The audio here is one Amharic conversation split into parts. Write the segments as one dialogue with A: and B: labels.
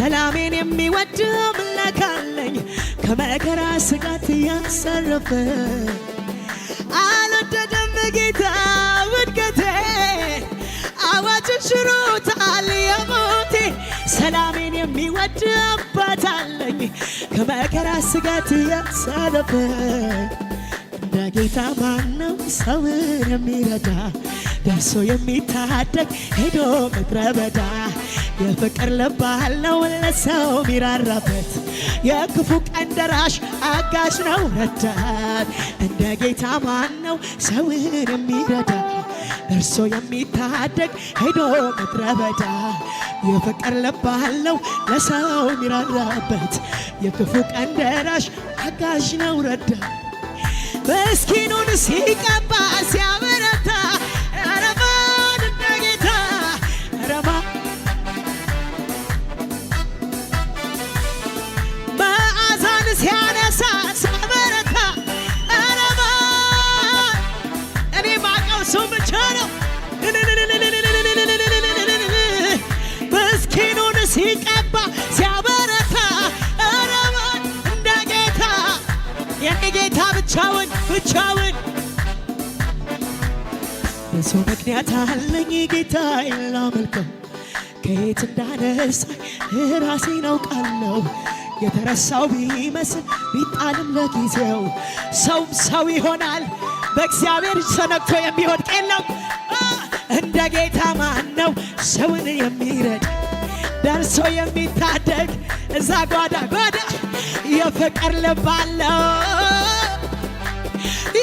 A: ሰላሜን የሚወድ አምላክ አለኝ ከመከራ ስጋት ያሰረፈ አልወደደም ጌታ ውድቀቴ አዋጅን ሽሮታል የሞቴ ሰላሜን የሚወድ አባት አለኝ ከመከራ ስጋት ያሰረፈ እንደ ጌታ ማነው ሰውን የሚረዳ ደርሶ የሚታደግ ሄዶ ምድረ በዳ የፍቅር ልብ አለው ለሰው ሚራራበት የክፉ ቀን ደራሽ አጋዥ ነው ረዳት። እንደ ጌታ ማን ነው ሰውን የሚረዳ እርሶ የሚታደግ ሄዶ ምድረ በዳ። የፍቅር ልብ አለው ለሰው ሚራራበት የክፉ ቀን ደራሽ አጋዥ ነው ረዳት። ምስኪኑን ሲቀባ ሲያ እሱ ብቻ ነው። ምስኪኑን ሲቀባ ሲያበረታ ረባ እንደ ጌታ የኔ ጌታ ብቻውን ብቻውን ምክንያት አለኝ ጌታ ከየት እንዳነሳኝ የተረሳው ቢመስል ቢጣልም ለጊዜው ሰውም ሰው ይሆናል። በእግዚአብሔር ሰነግቶ የሚወድቅ የለም። እንደ ጌታ ማን ነው ሰውን የሚረድ ደርሶ የሚታደግ እዛ ጓዳ ጓዳ የፍቅር ልብ አለው።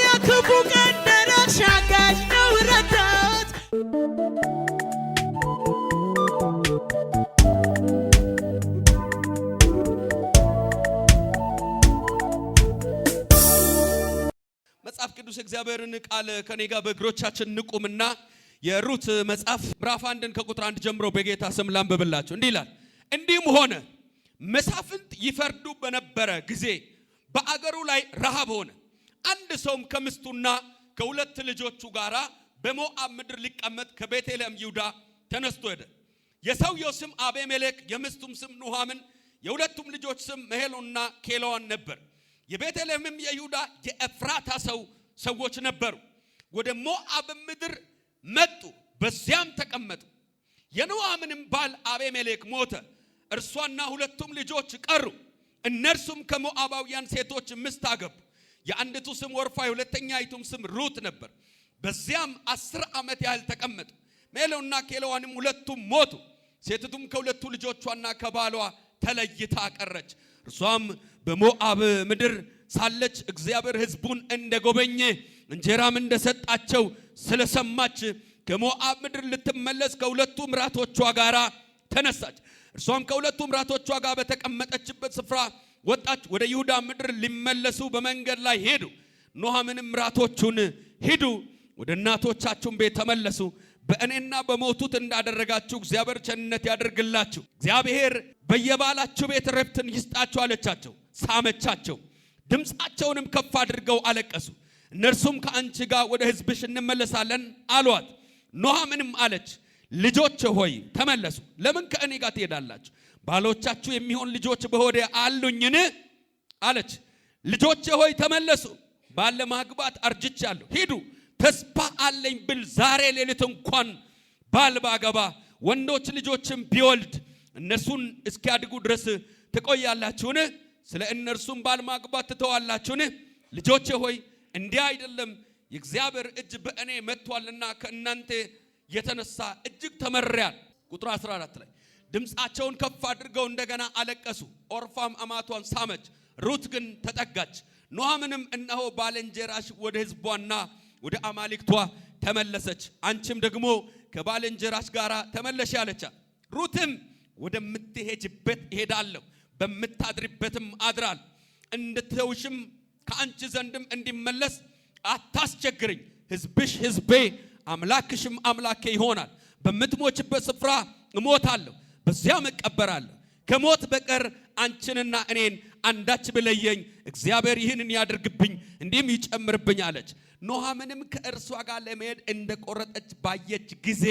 A: የክፉ ቀን ደራሽ አጋዥ ነው ረዳ
B: ቅዱስ እግዚአብሔርን ቃል ከኔ ጋር በእግሮቻችን ንቁምና የሩት መጽሐፍ ምዕራፍ አንድን ከቁጥር አንድ ጀምሮ በጌታ ስም ላንብብላችሁ። እንዲህ ይላል፣ እንዲህም ሆነ መሳፍንት ይፈርዱ በነበረ ጊዜ በአገሩ ላይ ረሃብ ሆነ። አንድ ሰውም ከምስቱና ከሁለት ልጆቹ ጋር በሞአብ ምድር ሊቀመጥ ከቤተልሔም ይሁዳ ተነስቶ ሄደ። የሰውየው ስም አቤሜሌክ፣ የምስቱም ስም ኑሃምን፣ የሁለቱም ልጆች ስም መሄሎና ኬሎዋን ነበር። የቤተልሔምም የይሁዳ የኤፍራታ ሰው ሰዎች ነበሩ። ወደ ሞአብ ምድር መጡ፣ በዚያም ተቀመጡ። የኖአምንም ባል አቤሜሌክ ሞተ፣ እርሷና ሁለቱም ልጆች ቀሩ። እነርሱም ከሞአባውያን ሴቶች ሚስት አገቡ። የአንዲቱ ስም ወርፋ የሁለተኛይቱም ስም ሩት ነበር። በዚያም አስር ዓመት ያህል ተቀመጡ። ሜሎና ኬሎዋንም ሁለቱም ሞቱ። ሴቲቱም ከሁለቱ ልጆቿና ከባሏ ተለይታ ቀረች። እርሷም በሞአብ ምድር ሳለች እግዚአብሔር ሕዝቡን እንደጎበኘ እንጀራም እንደሰጣቸው ስለሰማች ከሞዓብ ምድር ልትመለስ ከሁለቱ ምራቶቿ ጋራ ተነሳች። እርሷም ከሁለቱ ምራቶቿ ጋር በተቀመጠችበት ስፍራ ወጣች። ወደ ይሁዳ ምድር ሊመለሱ በመንገድ ላይ ሄዱ። ኖሃምንም ምራቶቹን ሂዱ፣ ወደ እናቶቻችሁን ቤት ተመለሱ በእኔና በሞቱት እንዳደረጋችሁ እግዚአብሔር ቸርነት ያደርግላችሁ። እግዚአብሔር በየባላችሁ ቤት ረፍትን ይስጣችሁ አለቻቸው፣ ሳመቻቸው። ድምፃቸውንም ከፍ አድርገው አለቀሱ። እነርሱም ከአንቺ ጋር ወደ ሕዝብሽ እንመለሳለን አሏት። ኖሃምንም አለች፣ ልጆች ሆይ ተመለሱ። ለምን ከእኔ ጋር ትሄዳላችሁ? ባሎቻችሁ የሚሆን ልጆች በሆደ አሉኝን? አለች። ልጆች ሆይ ተመለሱ፣ ባለ ማግባት አርጅቻለሁ። ሂዱ፣ ተስፋ አለኝ ብል ዛሬ ሌሊት እንኳን ባል ባገባ ወንዶች ልጆችን ቢወልድ እነርሱን እስኪያድጉ ድረስ ትቆያላችሁን? ስለ እነርሱም ባል ማግባት ትተዋላችሁን? ልጆቼ ሆይ እንዲህ አይደለም፣ የእግዚአብሔር እጅ በእኔ መጥቷልና ከእናንተ የተነሳ እጅግ ተመሪያል። ቁጥር 14 ላይ ድምፃቸውን ከፍ አድርገው እንደገና አለቀሱ። ኦርፋም አማቷን ሳመች፣ ሩት ግን ተጠጋች። ኑኃሚንም እነሆ ባልንጀራሽ ወደ ሕዝቧና ወደ አማልክቷ ተመለሰች፣ አንቺም ደግሞ ከባልንጀራሽ ጋር ተመለሽ አለቻት። ሩትም ወደምትሄጅበት እሄዳለሁ በምታድሪበትም አድራል እንድትውሽም ከአንቺ ዘንድም እንዲመለስ አታስቸግርኝ። ህዝብሽ ህዝቤ አምላክሽም አምላኬ ይሆናል። በምትሞችበት ስፍራ እሞታለሁ፣ በዚያም እቀበራለሁ። ከሞት በቀር አንቺንና እኔን አንዳች ብለየኝ እግዚአብሔር ይህንን ያድርግብኝ እንዲህም ይጨምርብኝ አለች። ኖሃምንም ከእርሷ ጋር ለመሄድ እንደቆረጠች ባየች ጊዜ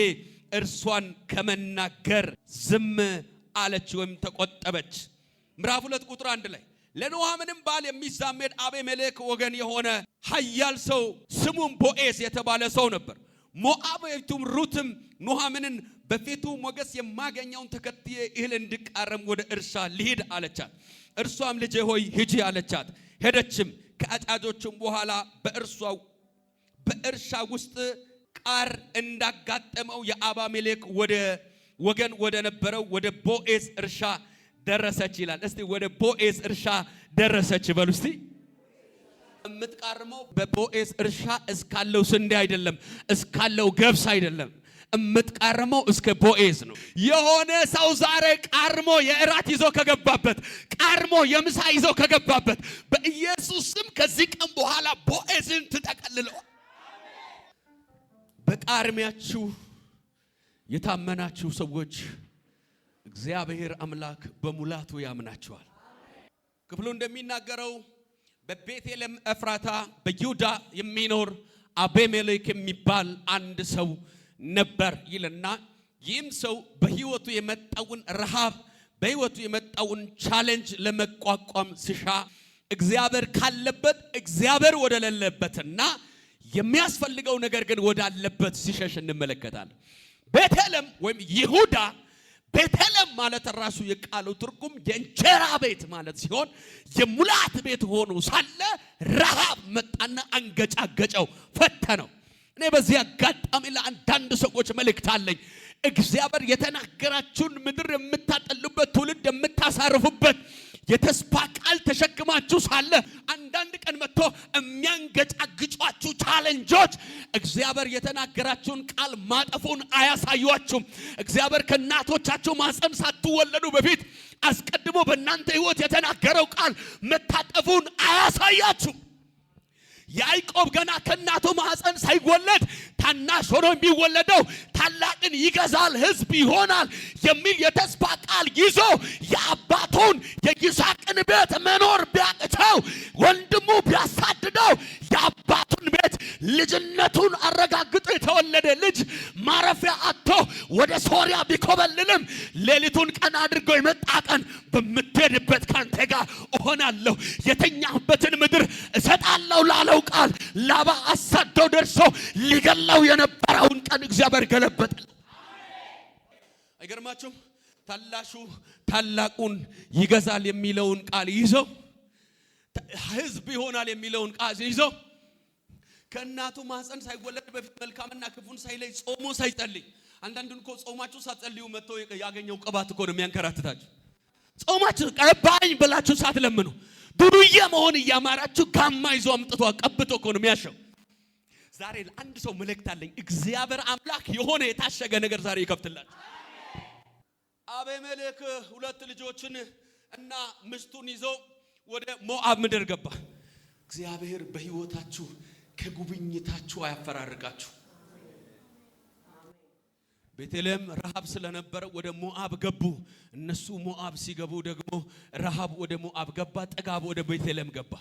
B: እርሷን ከመናገር ዝም አለች ወይም ተቆጠበች። ምዕራፍ ሁለት ቁጥር አንድ ላይ ለኖሃ ምንም ባል የሚዛመድ አቤሜሌክ ወገን የሆነ ኃያል ሰው ስሙም ቦኤዝ የተባለ ሰው ነበር። ሞዓባዊቱም ሩትም ኖሃምንን በፊቱ ሞገስ የማገኘውን ተከትዬ እህል እንድቃረም ወደ እርሻ ልሂድ አለቻት። እርሷም ልጄ ሆይ ሂጂ አለቻት። ሄደችም ከአጫጆቹም በኋላ በእርሻ ውስጥ ቃር እንዳጋጠመው የአባሜሌክ ወደ ወገን ወደ ነበረው ወደ ቦኤዝ እርሻ ደረሰች ይላል። እስቲ ወደ ቦኤዝ እርሻ ደረሰች በሉ እስቲ። የምትቃርመው በቦኤዝ እርሻ እስካለው ስንዴ አይደለም፣ እስካለው ገብስ አይደለም። የምትቃርመው እስከ ቦኤዝ ነው። የሆነ ሰው ዛሬ ቃርሞ የእራት ይዞ ከገባበት ቃርሞ የምሳ ይዞ ከገባበት በኢየሱስ ስም ከዚህ ቀን በኋላ ቦኤዝን ትጠቀልለው። በቃርሚያችሁ የታመናችሁ ሰዎች እግዚአብሔር አምላክ በሙላቱ ያምናቸዋል። ክፍሉ እንደሚናገረው በቤቴልሔም ኤፍራታ በይሁዳ የሚኖር አቤሜሌክ የሚባል አንድ ሰው ነበር ይልና ይህም ሰው በሕይወቱ የመጣውን ረሃብ በሕይወቱ የመጣውን ቻሌንጅ ለመቋቋም ሲሻ እግዚአብሔር ካለበት እግዚአብሔር ወደሌለበትና የሚያስፈልገው ነገር ግን ወዳለበት ሲሸሽ እንመለከታለን። ቤቴልሔም ወይም ይሁዳ ቤተልሔም ማለት ራሱ የቃሉ ትርጉም የእንጀራ ቤት ማለት ሲሆን የሙላት ቤት ሆኖ ሳለ ረሃብ መጣና አንገጫገጨው፣ ፈተነው። እኔ በዚህ አጋጣሚ ለአንዳንድ ሰዎች መልእክት አለኝ። እግዚአብሔር የተናገራችሁን ምድር የምታጠሉበት ትውልድ የምታሳርፉበት የተስፋ ቃል ተሸክማችሁ ሳለ አንዳንድ ቀን መጥቶ የሚያንገጫግጫችሁ ቻለንጆች እግዚአብሔር የተናገራችሁን ቃል ማጠፉን አያሳዩአችሁም። እግዚአብሔር ከእናቶቻችሁ ማጸም ሳትወለዱ በፊት አስቀድሞ በእናንተ ሕይወት የተናገረው ቃል መታጠፉን አያሳያችሁም። ያዕቆብ ገና ከእናቱ ማኅፀን ሳይወለድ ታናሽ ሆኖ የሚወለደው ታላቅን ይገዛል፣ ሕዝብ ይሆናል የሚል የተስፋ ቃል ይዞ የአባቱን የይስሐቅን ቤት መኖር ቢያቅተው ወንድሙ ቢያሳድደው የአባቱን ቤት ልጅነቱን አረጋግጦ የተወለደ ልጅ ማረፊያ አጥቶ ወደ ሶሪያ ቢኮበልልም ሌሊቱን ቀን አድርገው የመጣ ቀን በምትሄድበት ካንተ ጋር እሆናለሁ የተኛበትን ላባ አሳደው ደርሰው ሊገላው የነበረውን ቀን እግዚአብሔር ገለበጠ። አይገርማችሁም? ታላሹ ታላቁን ይገዛል የሚለውን ቃል ይዘው ሕዝብ ይሆናል የሚለውን ቃል ይዘው ከእናቱ ማህፀን ሳይወለድ በፊት መልካምና ክፉን ሳይለይ ጾሞ ሳይጸልይ አንዳንዱን እኮ ጾማችሁ ሳትጸልዩ መጥቶ ያገኘው ቅባት እኮ ነው የሚያንከራትታችሁ። ጾማችሁ ቀባኝ ብላችሁ ሳትለምኑ ዱዱዬ መሆን እያማራችሁ ጋማ ይዞ አምጥቶ ቀብቶ እኮ ነው የሚያሸው። ዛሬ ለአንድ ሰው መልእክት አለኝ። እግዚአብሔር አምላክ የሆነ የታሸገ ነገር ዛሬ ይከፍትላችሁ። አቤሜሌክ ሁለት ልጆችን እና ምስቱን ይዞ ወደ ሞአብ ምድር ገባ። እግዚአብሔር በሕይወታችሁ ከጉብኝታችሁ አያፈራርቃችሁ። ቤተልሔም ረሃብ ስለነበረ ወደ ሞአብ ገቡ። እነሱ ሞአብ ሲገቡ ደግሞ ረሃብ ወደ ሞአብ ገባ፣ ጥጋብ ወደ ቤተልሔም ገባ።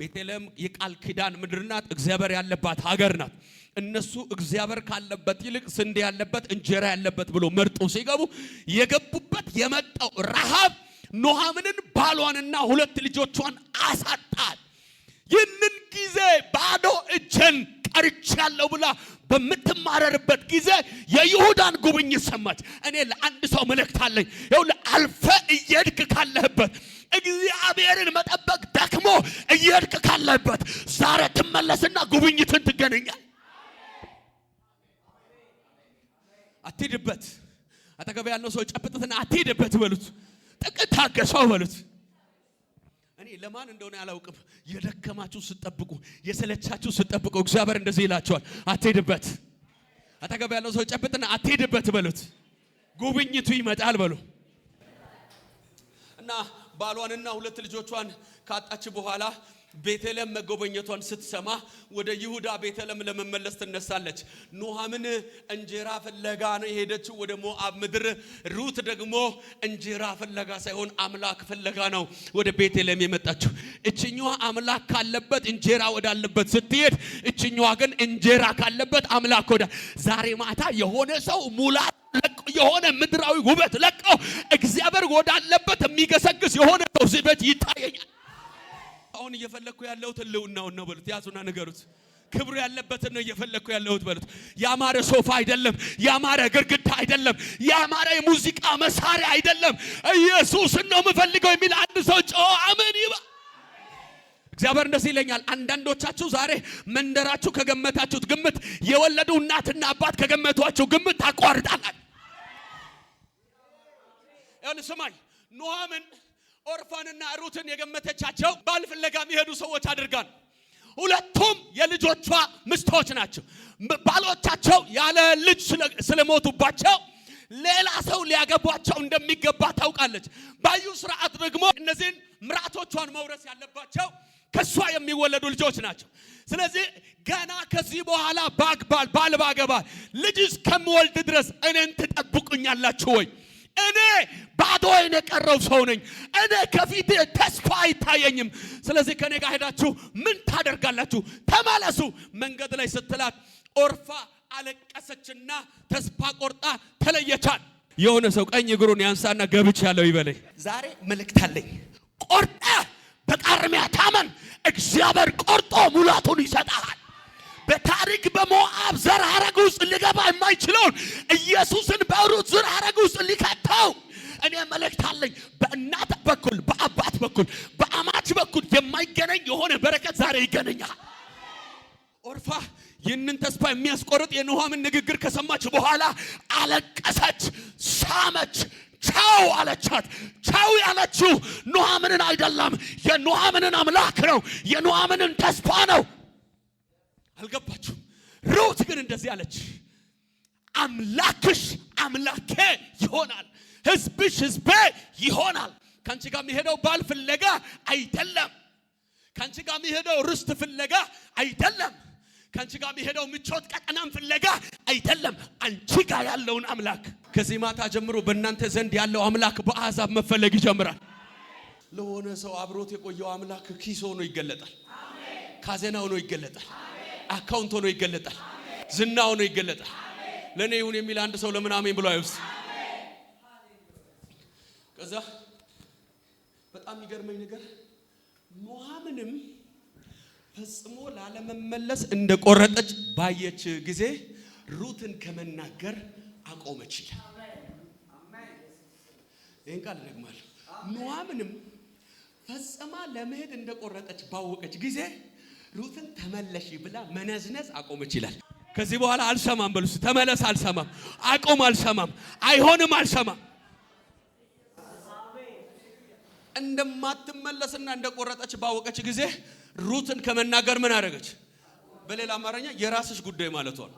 B: ቤተልሔም የቃል ኪዳን ምድር ናት፣ እግዚአብሔር ያለባት ሀገር ናት። እነሱ እግዚአብሔር ካለበት ይልቅ ስንዴ ያለበት እንጀራ ያለበት ብሎ መርጦ ሲገቡ የገቡበት የመጣው ረሃብ ኖሃምንን ባሏንና ሁለት ልጆቿን አሳጣል። ይህንን ጊዜ ባዶ እጄን ቀርቻለሁ ብላ በምትማረርበት ጊዜ የይሁዳን ጉብኝ ሰማች። እኔ ለአንድ ሰው መልእክት አለኝ። ይኸውልህ አልፈ እየሄድክ ካለህበት እግዚአብሔርን መጠበቅ ደክሞ እየሄድክ ካለህበት ዛሬ ትመለስና ጉብኝትን ትገናኛል። አትሄድበት። አጠገብ ያለው ሰው ጨብጥትና አትሄድበት በሉት። ጥቂት ታገሰው በሉት። እኔ ለማን እንደሆነ አላውቅም። የደከማችሁ ስጠብቁ፣ የሰለቻችሁ ስጠብቁ እግዚአብሔር እንደዚህ ይላቸዋል፣ አትሄድበት። አጠገብ ያለው ሰው ጨብጥና አትሄድበት በሉት። ጉብኝቱ ይመጣል በሉ እና ባሏንና ሁለት ልጆቿን ካጣች በኋላ ቤተልሔም መጎበኘቷን ስትሰማ ወደ ይሁዳ ቤተልሔም ለመመለስ ትነሳለች። ኑኃሚን እንጀራ ፍለጋ ነው የሄደችው ወደ ሞአብ ምድር። ሩት ደግሞ እንጀራ ፍለጋ ሳይሆን አምላክ ፍለጋ ነው ወደ ቤተልሔም የመጣችው። እችኛዋ አምላክ ካለበት እንጀራ ወዳለበት ስትሄድ፣ እችኛዋ ግን እንጀራ ካለበት አምላክ ወዳ ዛሬ ማታ የሆነ ሰው ሙላት የሆነ ምድራዊ ውበት ለቀው እግዚአብሔር ወዳለበት የሚገሰግስ የሆነ ሰው እዚህ ይታየኛል። አሁን እየፈለግኩ ያለሁት ህልውናውን ነው በሉት። ያዙና ንገሩት። ክብሩ ያለበትን ነው እየፈለግኩ ያለሁት በሉት። ያማረ ሶፋ አይደለም፣ ያማረ ግርግዳ አይደለም፣ ያማረ የሙዚቃ መሳሪያ አይደለም። ኢየሱስን ነው የምፈልገው የሚል አንድ ሰው ጮ አሜን ይባ እግዚአብሔር እንደዚህ ይለኛል። አንዳንዶቻችሁ ዛሬ መንደራችሁ ከገመታችሁት ግምት የወለዱ እናትና አባት ከገመቷችሁ ግምት ታቋርጣላችሁ። ስማኝ ኖሃምን ኦርፋንና ሩትን የገመተቻቸው ባል ፍለጋ የሚሄዱ ሰዎች አድርጋል። ሁለቱም የልጆቿ ምስቶች ናቸው። ባሎቻቸው ያለ ልጅ ስለሞቱባቸው ሌላ ሰው ሊያገቧቸው እንደሚገባ ታውቃለች። ባዩ ስርዓት ደግሞ እነዚህን ምራቶቿን መውረስ ያለባቸው ከእሷ የሚወለዱ ልጆች ናቸው። ስለዚህ ገና ከዚህ በኋላ ባግባል ባል ባገባል ልጅ እስከምወልድ ድረስ እኔን ትጠብቁኛላችሁ ወይ? እኔ ባዶዬን የቀረው ሰው ነኝ። እኔ ከፊት ተስፋ አይታየኝም። ስለዚህ ከእኔ ጋር ሄዳችሁ ምን ታደርጋላችሁ? ተመለሱ። መንገድ ላይ ስትላት ኦርፋ አለቀሰችና ተስፋ ቆርጣ ተለየቻል። የሆነ ሰው ቀኝ እግሩን ያንሳና ገብች ያለው ይበለኝ። ዛሬ መልእክት አለኝ። ቆርጠ በቃርሚያ ታመን፣ እግዚአብሔር ቆርጦ ሙላቱን ይሰጣል። በታሪክ በሞአብ ዘር ሐረግ ውስጥ ሊገባ የማይችለውን ኢየሱስን በሩት ዘር ሐረግ ውስጥ ሊከተው እኔ መልእክት አለኝ። በእናት በኩል በአባት በኩል በአማች በኩል የማይገናኝ የሆነ በረከት ዛሬ ይገናኛል። ኦርፋ ይህንን ተስፋ የሚያስቆርጥ የኑሃሚን ንግግር ከሰማች በኋላ አለቀሰች፣ ሳመች፣ ቻው አለቻት። ቻው ያለችው ኑሃሚንን አይደለም፣ የኑሃሚንን አምላክ ነው፣ የኑሃሚንን ተስፋ ነው። አልገባችሁም? ሩት ግን እንደዚህ አለች፣ አምላክሽ አምላኬ ይሆናል፣ ህዝብሽ ህዝቤ ይሆናል። ከአንቺ ጋር የሚሄደው ባል ፍለጋ አይደለም። ከአንቺ ጋር የሚሄደው ርስት ፍለጋ አይደለም። ከአንቺ ጋር የሚሄደው ምቾት ቀጠናም ፍለጋ አይደለም። አንቺ ጋር ያለውን አምላክ ከዚህ ማታ ጀምሮ በእናንተ ዘንድ ያለው አምላክ በአሕዛብ መፈለግ ይጀምራል። ለሆነ ሰው አብሮት የቆየው አምላክ ኪስ ሆኖ ይገለጣል። ካዜና ሆኖ ይገለጣል። አካውንት ሆኖ ይገለጣል። ዝና ሆኖ ይገለጣል። ለእኔ ይሁን የሚል አንድ ሰው ለምን አሜን ብሎ አይውስ። ከዛ በጣም የሚገርመኝ ነገር ምንም ፈጽሞ ላለመመለስ እንደቆረጠች ባየች ጊዜ ሩትን ከመናገር አቆመች ይላል። ይህን ቃል ደግማለሁ። ኑሃምንም ፈጽማ ለመሄድ እንደቆረጠች ባወቀች ጊዜ ሩትን ተመለሽ ብላ መነዝነዝ አቆመች ይላል። ከዚህ በኋላ አልሰማም በሉስ፣ ተመለስ አልሰማም፣ አቆም አልሰማም፣ አይሆንም አልሰማም። እንደማትመለስና እንደቆረጠች ባወቀች ጊዜ ሩትን ከመናገር ምን አደረገች? በሌላ አማርኛ የራስሽ ጉዳይ ማለቷል።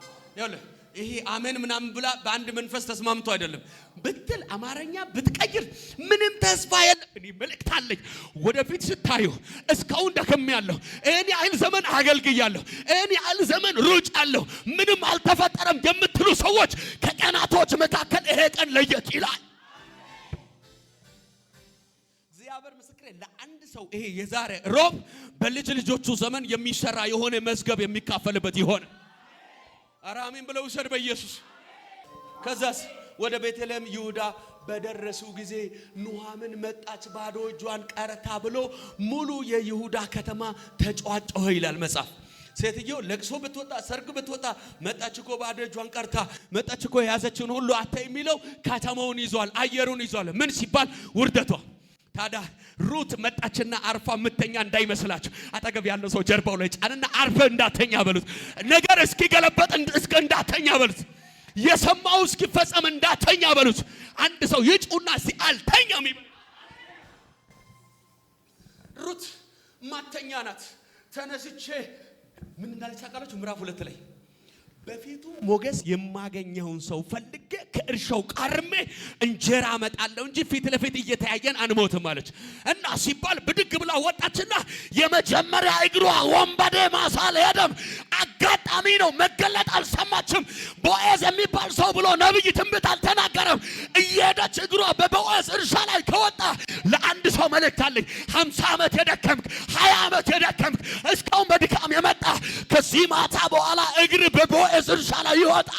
B: ይሄ አሜን ምናምን ብላ በአንድ መንፈስ ተስማምቶ አይደለም ብትል አማርኛ ብትቀይር ምንም ተስፋ የለም። እኔ መልእክት አለኝ። ወደፊት ስታዩ እስካሁን ደክሜያለሁ፣ እኔ ያህል ዘመን አገልግያለሁ፣ እኔ ያህል ዘመን ሩጫለሁ፣ ምንም አልተፈጠረም የምትሉ ሰዎች ከቀናቶች መካከል ይሄ ቀን ለየት ይላል። እግዚአብሔር ምስክሬ። ለአንድ ሰው ይሄ የዛሬ ሮብ በልጅ ልጆቹ ዘመን የሚሰራ የሆነ መዝገብ የሚካፈልበት ይሆናል። አራሚን ብለው ውሰድ በኢየሱስ። ከዛስ ወደ ቤተልሔም ይሁዳ በደረሱ ጊዜ ኑሃምን መጣች ባዶ እጇን ቀርታ ብሎ ሙሉ የይሁዳ ከተማ ተጫጫኸ ይላል መጽሐፍ። ሴትየው ለቅሶ ብትወጣ ሰርግ ብትወጣ መጣች እኮ ባዶ እጇን ቀርታ መጣች እኮ የያዘችውን ሁሉ አታ የሚለው ከተማውን ይዟል፣ አየሩን ይዟል። ምን ሲባል ውርደቷ ታዲያ ሩት መጣችና አርፋ ምተኛ እንዳይመስላችሁ። አጠገብ ያለው ሰው ጀርባው ላይ ጫንና አርፈ እንዳተኛ በሉት። ነገር እስኪገለበጥ እስከ እንዳተኛ በሉት። የሰማው እስኪፈጸም እንዳተኛ በሉት። አንድ ሰው ይጩና ሲ አልተኛም ይበል። ሩት ማተኛ ናት። ተነስቼ ምን እንዳለች ታውቃላችሁ? ምዕራፍ ሁለት ላይ በፊቱ ሞገስ የማገኘውን ሰው ፈልጌ ከእርሻው ቃርሜ እንጀራ አመጣለሁ እንጂ ፊት ለፊት እየተያየን አንሞትም አለች እና ሲባል ብድግ ብላ ወጣችና የመጀመሪያ እግሯ ወንበዴ ማሳ አልሄደም። አጋጣሚ ነው፣ መገለጥ አልሰማችም። ቦዔዝ የሚባል ሰው ብሎ ነብይ ትንቢት አልተናገረም። እየሄደች እግሯ በቦዔዝ እርሻ ላይ ከወጣ ለአንድ ሰው መልእክት አለኝ። ሀምሳ ዓመት የደከምክ ሀያ ዓመት የደከምክ እስካሁን በድካም የመጣ ከዚህ ማታ በኋላ እግር በቦዔዝ ከእስር ሻላ ይወጣ።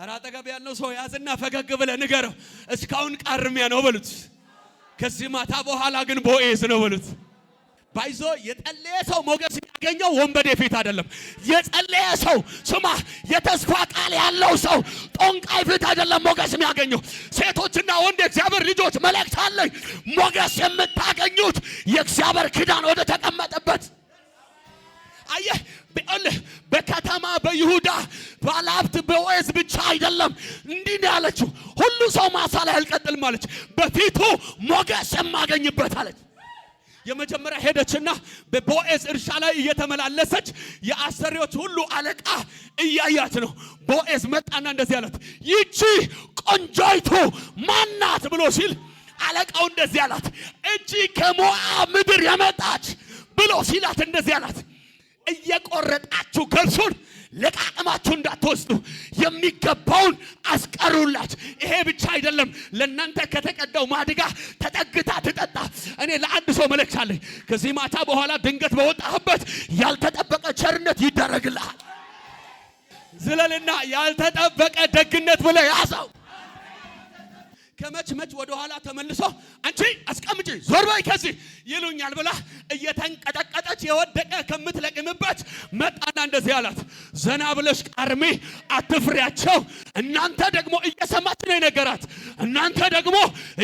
B: ኧረ አጠገብ ያለው ሰው ያዝና ፈገግ ብለህ ንገረው። እስካሁን ቃርሚያ ነው በሉት። ከዚህ ማታ በኋላ ግን ቦዔዝ ነው በሉት። ባይዞ የጸለየ ሰው ሞገስ ያገኘው ወንበዴ ፊት አይደለም። የጸለየ ሰው ስማ፣ የተስፋ ቃል ያለው ሰው ጦንቃይ ፊት አይደለም ሞገስ የሚያገኘው። ሴቶችና ወንድ የእግዚአብሔር ልጆች መልእክት አለኝ። ሞገስ የምታገኙት የእግዚአብሔር ኪዳን ወደ ተቀመጠበት አየህ በከተማ በይሁዳ ባለሀብት በኦኤዝ ብቻ አይደለም እንዲህ ያለችው፣ ሁሉ ሰው ማሳ ላይ አልቀጥልም አለች። በፊቱ ሞገስ የማገኝበት አለች። የመጀመሪያ ሄደችና በቦኤዝ እርሻ ላይ እየተመላለሰች የአሰሪዎች ሁሉ አለቃ እያያት ነው። ቦኤዝ መጣና እንደዚህ አላት፣ ይቺ ቆንጆይቱ ማናት ብሎ ሲል አለቃው እንደዚህ አላት፣ እቺ ከሞዓ ምድር የመጣች ብሎ ሲላት እንደዚህ አላት እየቆረጣችሁ ገብሱን ለቃቅማችሁ እንዳትወስዱ የሚገባውን አስቀሩላት። ይሄ ብቻ አይደለም፣ ለእናንተ ከተቀዳው ማድጋ ተጠግታ ትጠጣ። እኔ ለአንድ ሰው መለክሳለኝ። ከዚህ ማታ በኋላ ድንገት በወጣህበት ያልተጠበቀ ቸርነት ይደረግልሃል። ዝለልና ያልተጠበቀ ደግነት ብለህ ያዘው። ከመች መች ወደ ኋላ ተመልሶ አንቺ አስቀምጪ ዞር በይ ከዚህ ይሉኛል ብላ እየተንቀጠቀጠች የወደቀ ከምትለቅምበት መጣና እንደዚህ አላት፣ ዘና ብለሽ ቃርሚ፣ አትፍሪያቸው። እናንተ ደግሞ እየሰማች ነው የነገራት። እናንተ ደግሞ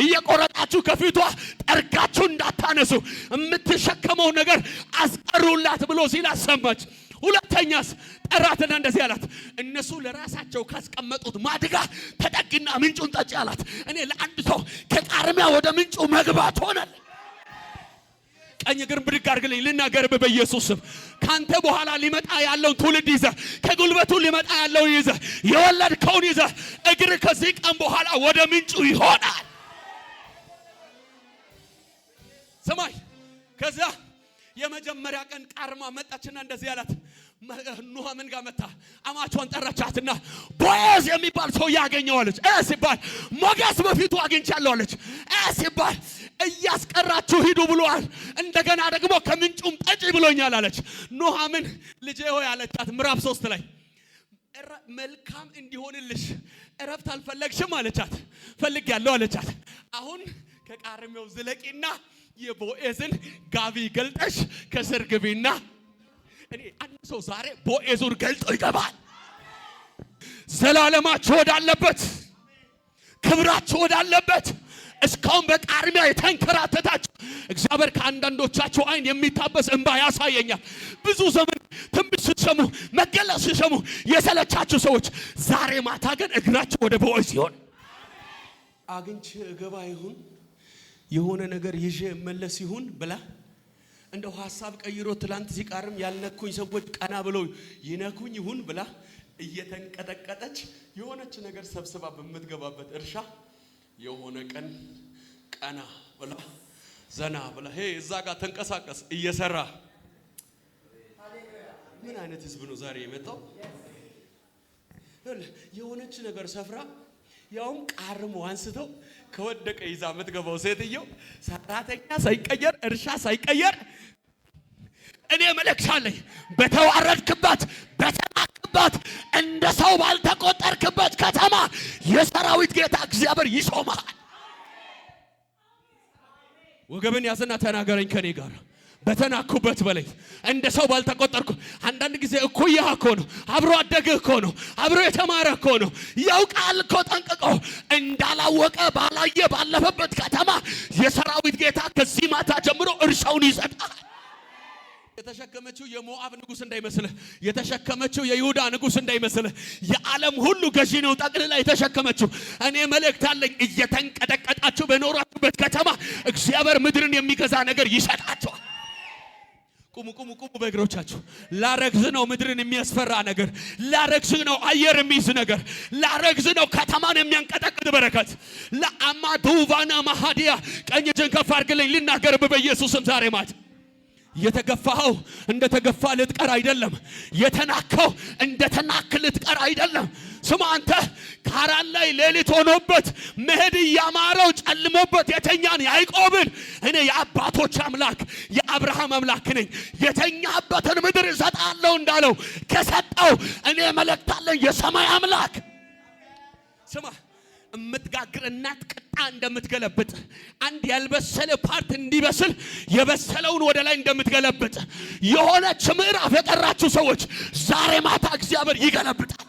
B: እየቆረጣችሁ ከፊቷ ጠርጋችሁ እንዳታነሱ፣ የምትሸከመው ነገር አስቀሩላት ብሎ ሲል አሰማች። ሁለተኛስ ጠራትና እንደዚህ አላት፣ እነሱ ለራሳቸው ካስቀመጡት ማድጋ ተጠጊና ምንጩን ጠጪ አላት። እኔ ለአንድ ሰው ከቃርሚያ ወደ ምንጩ መግባት ሆነል። ቀኝ እግር ብድግ አድርግልኝ ልናገርብ በኢየሱስ ስም። ካንተ በኋላ ሊመጣ ያለውን ትውልድ ይዘ ከጉልበቱ ሊመጣ ያለውን ይዘህ የወለድከውን ይዘ እግር ከዚህ ቀን በኋላ ወደ ምንጩ ይሆናል። ስማኝ ከዚያ የመጀመሪያ ቀን ቃርማ መጣችና እንደዚህ አላት። ኑሃምን ጋር መታ አማቿን ጠራቻትና ቦዝ የሚባል ሰው ያገኘዋለች ሲባል ሞገስ በፊቱ አግኝቻለሁ አለች ሲባል እያስቀራችሁ ሂዱ ብሏል። እንደገና ደግሞ ከምንጩም ጠጪ ብሎኛል አለች። ኑሃምን ልጄ ሆይ አለቻት ምዕራፍ ሶስት ላይ መልካም እንዲሆንልሽ እረፍት አልፈለግሽም አለቻት። ፈልግ ያለው አለቻት። አሁን ከቃርሜው ዝለቂና የቦኤዝን ጋቢ ገልጠሽ ከስር ግቢና እኔ አንድ ሰው ዛሬ ቦኤዙን ገልጦ ይገባል። ዘላለማችሁ ወዳለበት ክብራችሁ ወዳለበት እስካሁን በቃርሚያ የተንከራተታችሁ እግዚአብሔር ከአንዳንዶቻችሁ አይን የሚታበስ እንባ ያሳየኛል። ብዙ ዘመን ትንቢት ስትሰሙ መገለጽ ስትሰሙ የሰለቻችሁ ሰዎች ዛሬ ማታ ግን እግራችሁ ወደ ቦኤዝ ይሆን አግኝቼ እገባ ይሁን የሆነ ነገር ይዤ መለስ ይሁን ብላ እንደው ሀሳብ ቀይሮ ትላንት ሲቃርም ያልነኩኝ ሰዎች ቀና ብለው ይነኩኝ ይሁን ብላ እየተንቀጠቀጠች የሆነች ነገር ሰብስባ በምትገባበት እርሻ የሆነ ቀን ቀና ብላ ዘና ብላ ሄ እዛ ጋር ተንቀሳቀስ እየሰራ ምን አይነት ህዝብ ነው ዛሬ የመጣው? የሆነች ነገር ሰፍራ ያውም ቃርሞ አንስተው ከወደቀ ይዛ የምትገባው ሴትየው ሰራተኛ ሳይቀየር እርሻ ሳይቀየር እኔ መለክሻለኝ በተዋረድክበት በተናቅበት እንደ ሰው ባልተቆጠርክበት ከተማ የሰራዊት ጌታ እግዚአብሔር ይሾማል። ወገብን ያዝና ተናገረኝ ከኔ ጋር በተናኩበት በላይ እንደ ሰው ባልተቆጠርኩ። አንዳንድ ጊዜ እኩያህ እኮ ነው፣ አብሮ አደገ እኮ ነው፣ አብሮ የተማረ እኮ ነው። ያውቃል እኮ ጠንቅቆ። እንዳላወቀ ባላየ ባለፈበት ከተማ የሰራዊት ጌታ ከዚህ ማታ ጀምሮ እርሻውን ይሰጣል። የተሸከመችው የሞአብ ንጉስ እንዳይመስልህ፣ የተሸከመችው የይሁዳ ንጉስ እንዳይመስልህ። የዓለም ሁሉ ገዢ ነው ጠቅልላ የተሸከመችው። እኔ መልእክት አለኝ። እየተንቀጠቀጣችሁ በኖራችሁበት ከተማ እግዚአብሔር ምድርን የሚገዛ ነገር ይሰጣቸዋል። ቁሙ ቁሙ ቁሙ በእግሮቻችሁ። ላረግዝ ነው ምድርን የሚያስፈራ ነገር፣ ላረግዝ ነው አየር የሚይዝ ነገር፣ ላረግዝ ነው ከተማን የሚያንቀጠቅጥ በረከት። ለአማዱቫና ማሃዲያ ቀኝ እጅን ከፍ አድርግልኝ ልናገርብ በኢየሱስም ዛሬ ማት የተገፋኸው እንደተገፋ ልትቀር አይደለም። የተናከው እንደተናክ ልትቀር አይደለም። ስማ አንተ ካራን ላይ ሌሊት ሆኖበት መሄድ እያማረው ጨልሞበት የተኛን ያዕቆብን እኔ የአባቶች አምላክ የአብርሃም አምላክ ነኝ የተኛበትን ምድር እሰጣለሁ እንዳለው ከሰጠው እኔ መለክታለሁ የሰማይ አምላክ ስማ የምትጋግር እናት ቅጣ እንደምትገለብጥ አንድ ያልበሰለ ፓርት እንዲበስል የበሰለውን ወደ ላይ እንደምትገለብጥ የሆነች ምዕራፍ የጠራችሁ ሰዎች ዛሬ ማታ እግዚአብሔር ይገለብጣል።